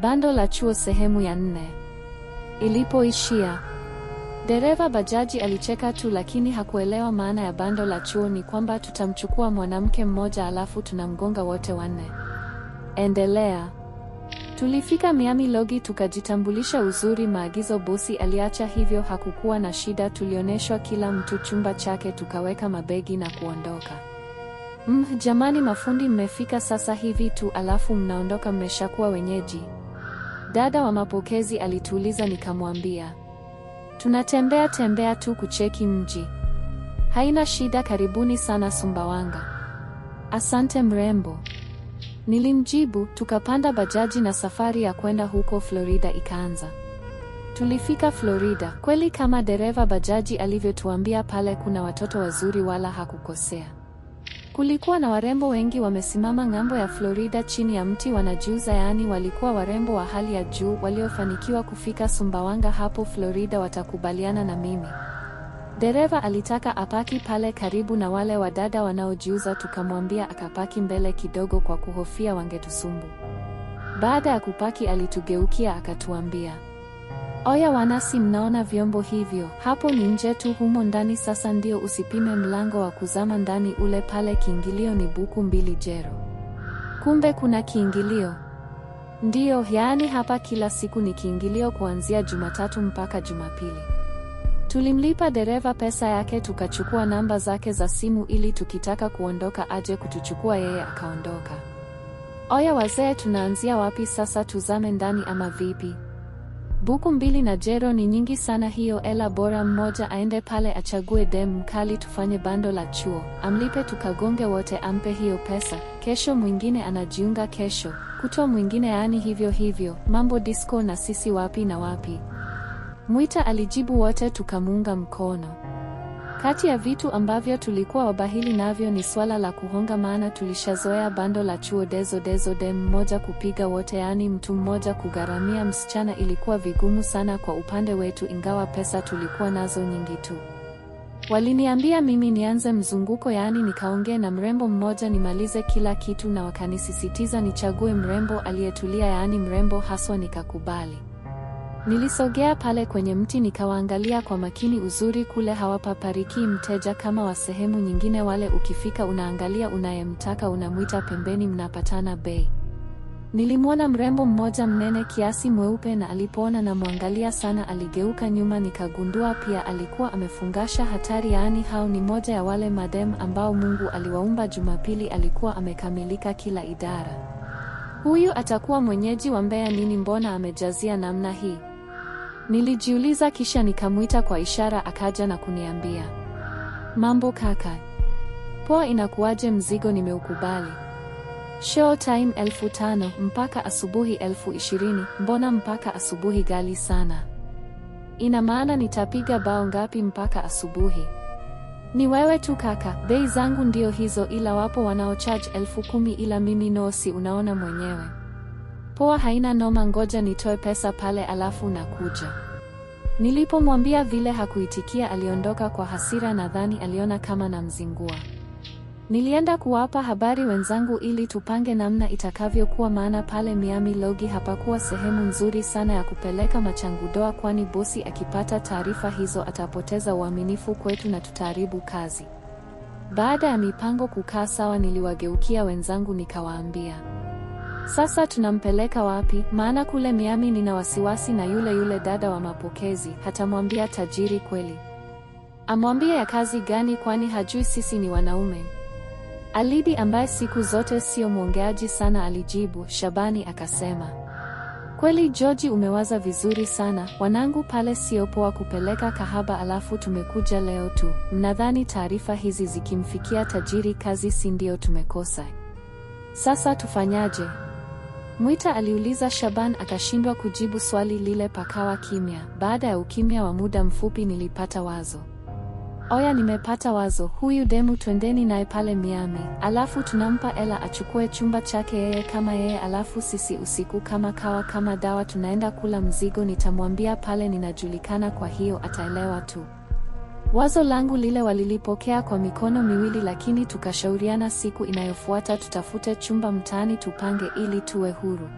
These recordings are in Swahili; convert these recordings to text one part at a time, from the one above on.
Bando la chuo sehemu ya nne. Ilipoishia, dereva bajaji alicheka tu, lakini hakuelewa maana ya bando la chuo. Ni kwamba tutamchukua mwanamke mmoja alafu tunamgonga wote wanne. Endelea. Tulifika Miami Logi tukajitambulisha uzuri, maagizo bosi aliacha hivyo. Hakukuwa na shida, tulionyeshwa kila mtu chumba chake, tukaweka mabegi na kuondoka. Mm, jamani mafundi mmefika sasa hivi tu alafu mnaondoka mmeshakuwa wenyeji. Dada wa mapokezi alituuliza, nikamwambia tunatembea tembea tu kucheki mji, haina shida. Karibuni sana Sumbawanga. Asante mrembo, nilimjibu. Tukapanda bajaji na safari ya kwenda huko Florida ikaanza. Tulifika Florida kweli, kama dereva bajaji alivyotuambia, pale kuna watoto wazuri, wala hakukosea. Kulikuwa na warembo wengi wamesimama ng'ambo ya Florida chini ya mti wanajiuza, yaani walikuwa warembo wa hali ya juu waliofanikiwa kufika Sumbawanga hapo Florida, watakubaliana na mimi. Dereva alitaka apaki pale karibu na wale wadada wanaojiuza, tukamwambia akapaki mbele kidogo kwa kuhofia wangetusumbu. Baada ya kupaki, alitugeukia akatuambia Oya wanasi, mnaona vyombo hivyo hapo? Ni nje tu, humo ndani sasa ndio usipime mlango wa kuzama ndani ule. Pale kiingilio ni buku mbili jero. Kumbe kuna kiingilio? Ndiyo, yaani hapa kila siku ni kiingilio, kuanzia Jumatatu mpaka Jumapili. Tulimlipa dereva pesa yake, tukachukua namba zake za simu ili tukitaka kuondoka aje kutuchukua, yeye akaondoka. Oya wazee, tunaanzia wapi sasa? Tuzame ndani ama vipi? Buku mbili na jero ni nyingi sana hiyo ela bora mmoja aende pale achague dem mkali tufanye bando la chuo, amlipe tukagonge wote ampe hiyo pesa. Kesho mwingine anajiunga kesho, kutwa mwingine yaani hivyo hivyo, mambo disco na sisi wapi na wapi. Mwita alijibu wote tukamuunga mkono. Kati ya vitu ambavyo tulikuwa wabahili navyo ni swala la kuhonga, maana tulishazoea bando la chuo dezo dezo dem mmoja kupiga wote, yaani mtu mmoja kugharamia msichana. Ilikuwa vigumu sana kwa upande wetu, ingawa pesa tulikuwa nazo nyingi tu. Waliniambia mimi nianze mzunguko, yaani nikaongee na mrembo mmoja nimalize kila kitu, na wakanisisitiza nichague mrembo aliyetulia, yaani mrembo haswa. Nikakubali. Nilisogea pale kwenye mti nikawaangalia kwa makini. Uzuri kule hawapapariki mteja kama wa sehemu nyingine. Wale ukifika unaangalia unayemtaka, unamwita pembeni, mnapatana bei. Nilimwona mrembo mmoja mnene kiasi, mweupe, na alipoona namwangalia sana aligeuka nyuma. Nikagundua pia alikuwa amefungasha. Hatari! Yaani hao ni moja ya wale madem ambao Mungu aliwaumba. Jumapili alikuwa amekamilika kila idara. Huyu atakuwa mwenyeji wa Mbeya nini? Mbona amejazia namna hii? Nilijiuliza kisha nikamwita kwa ishara akaja na kuniambia, mambo kaka, poa, inakuwaje? Mzigo nimeukubali. Show time elfu tano mpaka asubuhi elfu ishirini Mbona mpaka asubuhi gali sana? Ina maana nitapiga bao ngapi mpaka asubuhi? Ni wewe tu kaka, bei zangu ndio hizo, ila wapo wanaocharge elfu kumi ila mimi nosi unaona mwenyewe. Poa, haina noma, ngoja nitoe pesa pale alafu nakuja. Nilipomwambia vile hakuitikia, aliondoka kwa hasira. Nadhani aliona kama namzingua. Nilienda kuwapa habari wenzangu ili tupange namna itakavyokuwa, maana pale Miami Logi hapakuwa sehemu nzuri sana ya kupeleka machangudoa, kwani bosi akipata taarifa hizo atapoteza uaminifu kwetu na tutaharibu kazi. Baada ya mipango kukaa sawa, niliwageukia wenzangu nikawaambia sasa tunampeleka wapi? Maana kule Miami nina wasiwasi na yule yule dada wa mapokezi, hatamwambia tajiri kweli? Amwambie ya kazi gani? Kwani hajui sisi ni wanaume? Alidi ambaye siku zote sio mwongeaji sana alijibu. Shabani akasema, kweli George, umewaza vizuri sana wanangu, pale sio poa kupeleka kahaba alafu tumekuja leo tu. Mnadhani taarifa hizi zikimfikia tajiri kazi si ndio tumekosa? Sasa tufanyaje? Mwita aliuliza Shaban akashindwa kujibu swali lile, pakawa kimya. Baada ya ukimya wa muda mfupi, nilipata wazo. Oya, nimepata wazo, huyu demu twendeni naye pale Miami, alafu tunampa ela achukue chumba chake yeye kama yeye, alafu sisi usiku kama kawa kama dawa tunaenda kula mzigo. Nitamwambia pale ninajulikana, kwa hiyo ataelewa tu. Wazo langu lile walilipokea kwa mikono miwili, lakini tukashauriana siku inayofuata tutafute chumba mtaani tupange ili tuwe huru.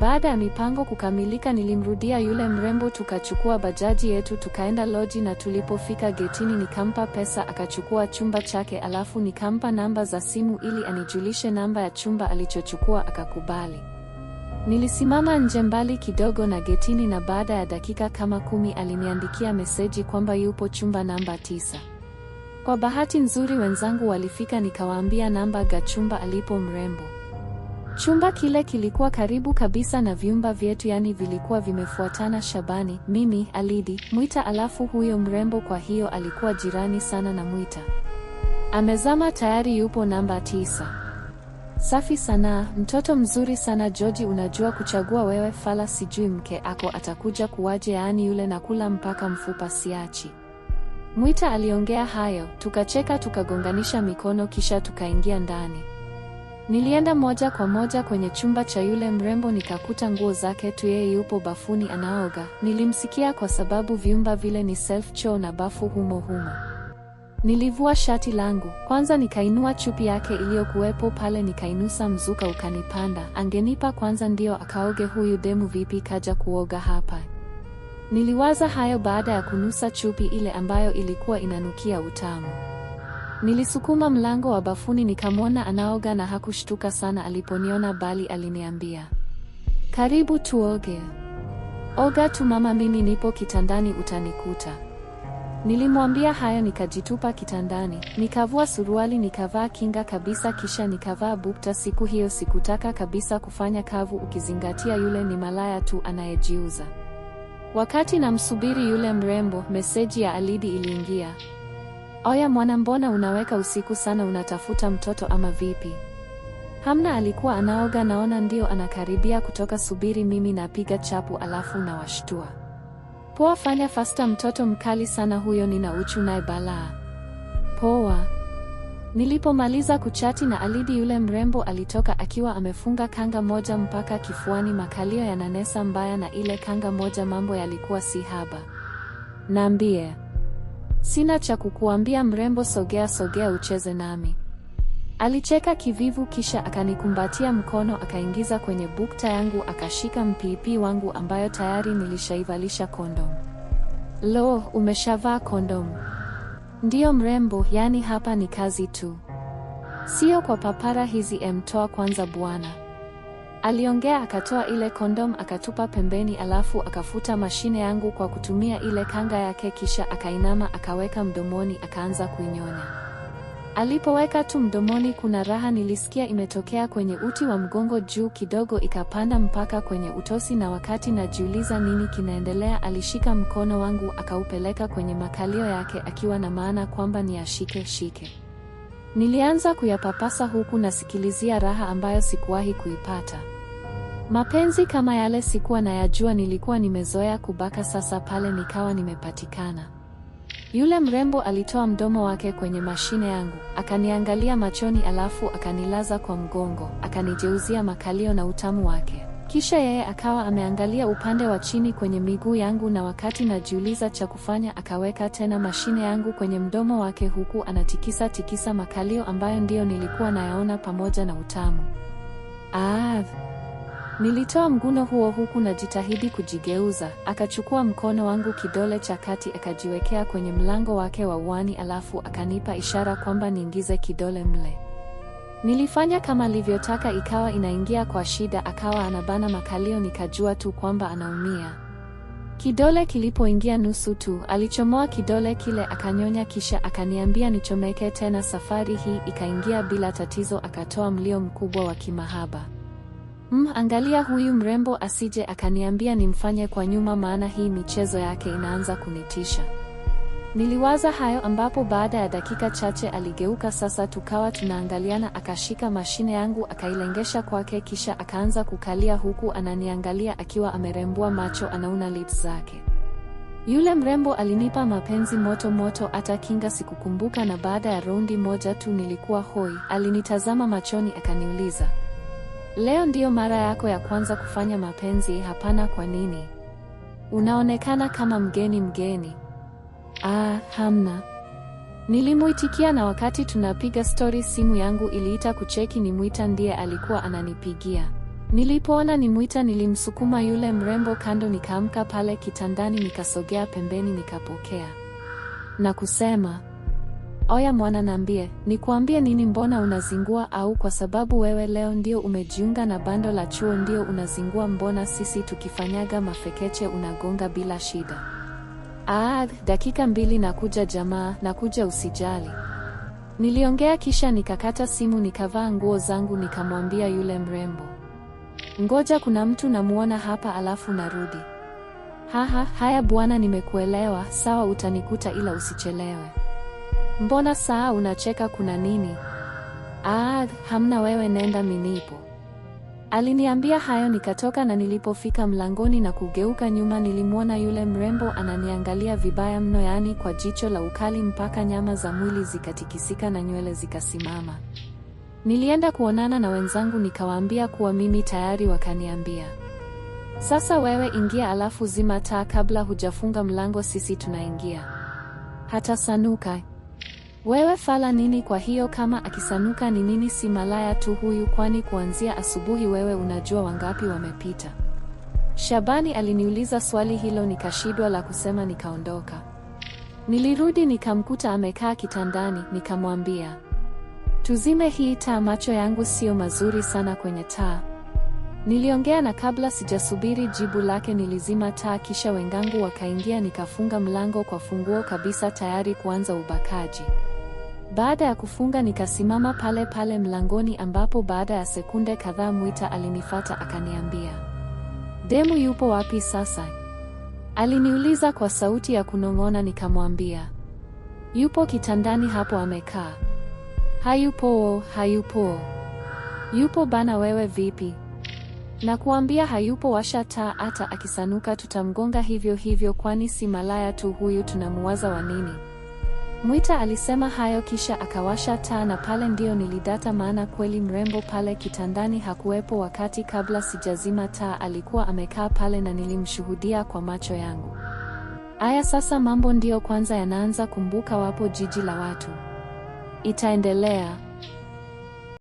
Baada ya mipango kukamilika, nilimrudia yule mrembo, tukachukua bajaji yetu tukaenda loji, na tulipofika getini nikampa pesa akachukua chumba chake, alafu nikampa namba za simu ili anijulishe namba ya chumba alichochukua, akakubali. Nilisimama nje mbali kidogo na getini na baada ya dakika kama kumi aliniandikia meseji kwamba yupo chumba namba tisa. Kwa bahati nzuri wenzangu walifika nikawaambia namba ga chumba alipo mrembo. Chumba kile kilikuwa karibu kabisa na vyumba vyetu yani vilikuwa vimefuatana Shabani, mimi, Alidi, Mwita alafu huyo mrembo kwa hiyo alikuwa jirani sana na Mwita. Amezama tayari yupo namba tisa. Safi sana, mtoto mzuri sana Joji, unajua kuchagua wewe. Fala, sijui mke ako atakuja kuwaje? Yaani yule nakula mpaka mfupa siachi. Mwita aliongea hayo, tukacheka tukagonganisha mikono kisha tukaingia ndani. Nilienda moja kwa moja kwenye chumba cha yule mrembo nikakuta nguo zake tu, yeye yupo bafuni anaoga. Nilimsikia kwa sababu vyumba vile ni self choo na bafu humo humo. Nilivua shati langu kwanza, nikainua chupi yake iliyokuwepo pale, nikainusa, mzuka ukanipanda. Angenipa kwanza ndio akaoge huyu demu, vipi kaja kuoga hapa? Niliwaza hayo baada ya kunusa chupi ile ambayo ilikuwa inanukia utamu. Nilisukuma mlango wa bafuni nikamwona anaoga na hakushtuka sana aliponiona, bali aliniambia, karibu tuoge. Oga tu mama, mimi nipo kitandani utanikuta. Nilimwambia hayo nikajitupa kitandani, nikavua suruali nikavaa kinga kabisa kisha nikavaa bukta. Siku hiyo sikutaka kabisa kufanya kavu, ukizingatia yule ni malaya tu anayejiuza. Wakati namsubiri yule mrembo, meseji ya Alidi iliingia. Oya mwana, mbona unaweka usiku sana? Unatafuta mtoto ama vipi? Hamna, alikuwa anaoga, naona ndio anakaribia kutoka. Subiri mimi napiga chapu, alafu nawashtua. Poa fanya fasta, mtoto mkali sana huyo, nina uchu naye balaa. Poa. Nilipomaliza kuchati na Alidi yule mrembo alitoka akiwa amefunga kanga moja mpaka kifuani, makalio yananesa mbaya, na ile kanga moja mambo yalikuwa si haba. Nambie, Sina cha kukuambia mrembo, sogea sogea ucheze nami. Alicheka kivivu kisha akanikumbatia mkono akaingiza kwenye bukta yangu akashika mpiipii wangu ambayo tayari nilishaivalisha kondom. Lo, umeshavaa kondom? Ndiyo mrembo, yani hapa ni kazi tu. Sio kwa papara hizi emtoa kwanza bwana. Aliongea akatoa ile kondom akatupa pembeni alafu akafuta mashine yangu kwa kutumia ile kanga yake kisha akainama akaweka mdomoni akaanza kuinyonya. Alipoweka tu mdomoni kuna raha nilisikia imetokea kwenye uti wa mgongo juu kidogo ikapanda mpaka kwenye utosi na wakati najiuliza nini kinaendelea alishika mkono wangu akaupeleka kwenye makalio yake akiwa na maana kwamba ni ashike shike. Nilianza kuyapapasa huku nasikilizia raha ambayo sikuwahi kuipata. Mapenzi kama yale sikuwa nayajua nilikuwa nimezoea kubaka sasa pale nikawa nimepatikana. Yule mrembo alitoa mdomo wake kwenye mashine yangu, akaniangalia machoni, alafu akanilaza kwa mgongo, akanijeuzia makalio na utamu wake. Kisha yeye akawa ameangalia upande wa chini kwenye miguu yangu, na wakati najiuliza cha kufanya, akaweka tena mashine yangu kwenye mdomo wake, huku anatikisa tikisa makalio ambayo ndiyo nilikuwa nayaona pamoja na utamu. Ah. Nilitoa mguno huo huku najitahidi kujigeuza, akachukua mkono wangu kidole cha kati akajiwekea kwenye mlango wake wa uani alafu akanipa ishara kwamba niingize kidole mle. Nilifanya kama alivyotaka ikawa inaingia kwa shida akawa anabana makalio nikajua tu kwamba anaumia. Kidole kilipoingia nusu tu, alichomoa kidole kile akanyonya kisha akaniambia nichomeke tena safari hii ikaingia bila tatizo akatoa mlio mkubwa wa kimahaba. Mm, angalia huyu mrembo asije akaniambia nimfanye kwa nyuma maana hii michezo yake inaanza kunitisha. Niliwaza hayo ambapo baada ya dakika chache aligeuka sasa tukawa tunaangaliana akashika mashine yangu akailengesha kwake kisha akaanza kukalia huku ananiangalia akiwa amerembua macho anauna lips zake. Yule mrembo alinipa mapenzi moto moto hata kinga sikukumbuka na baada ya roundi moja tu nilikuwa hoi. Alinitazama machoni akaniuliza, Leo ndiyo mara yako ya kwanza kufanya mapenzi. Hapana, kwa nini? Unaonekana kama mgeni mgeni. Ah, hamna. Nilimuitikia na wakati tunapiga stori simu yangu iliita kucheki nimwita ndiye alikuwa ananipigia. Nilipoona ni mwita nilimsukuma yule mrembo kando nikaamka pale kitandani nikasogea pembeni nikapokea. Na kusema, Oya mwana niambie, nikuambie nini mbona unazingua au kwa sababu wewe leo ndio umejiunga na bando la chuo ndio unazingua mbona sisi tukifanyaga mafekeche unagonga bila shida? Aa, ah, dakika mbili nakuja jamaa, nakuja usijali. Niliongea kisha nikakata simu nikavaa nguo zangu nikamwambia yule mrembo. Ngoja kuna mtu namuona hapa alafu narudi. Haha, haya bwana nimekuelewa, sawa utanikuta ila usichelewe. Mbona saa unacheka, kuna nini? Ah, hamna wewe, nenda minipo. Aliniambia hayo nikatoka, na nilipofika mlangoni na kugeuka nyuma, nilimwona yule mrembo ananiangalia vibaya mno, yaani kwa jicho la ukali mpaka nyama za mwili zikatikisika na nywele zikasimama. Nilienda kuonana na wenzangu nikawaambia kuwa mimi tayari, wakaniambia sasa wewe ingia, alafu zima taa kabla hujafunga mlango, sisi tunaingia. Hata sanuka wewe fala nini? Kwa hiyo kama akisanuka ni nini? Si malaya tu huyu, kwani kuanzia asubuhi wewe unajua wangapi wamepita? Shabani aliniuliza swali hilo nikashidwa la kusema, nikaondoka. Nilirudi nikamkuta amekaa kitandani, nikamwambia tuzime hii taa, macho yangu sio mazuri sana kwenye taa. Niliongea na kabla sijasubiri jibu lake nilizima taa, kisha wengangu wakaingia, nikafunga mlango kwa funguo kabisa, tayari kuanza ubakaji. Baada ya kufunga nikasimama pale pale mlangoni ambapo baada ya sekunde kadhaa Mwita alinifata akaniambia, Demu yupo wapi sasa? Aliniuliza kwa sauti ya kunong'ona nikamwambia, yupo kitandani hapo amekaa. Hayupo, hayupo. Yupo bana wewe vipi? Na kuambia hayupo washa taa hata akisanuka tutamgonga hivyo hivyo kwani si malaya tu huyu tunamuwaza wa nini? Mwita alisema hayo kisha akawasha taa na pale ndio nilidata maana kweli mrembo pale kitandani hakuwepo wakati kabla sijazima taa alikuwa amekaa pale na nilimshuhudia kwa macho yangu. Aya sasa mambo ndiyo kwanza yanaanza kumbuka wapo jiji la watu. Itaendelea.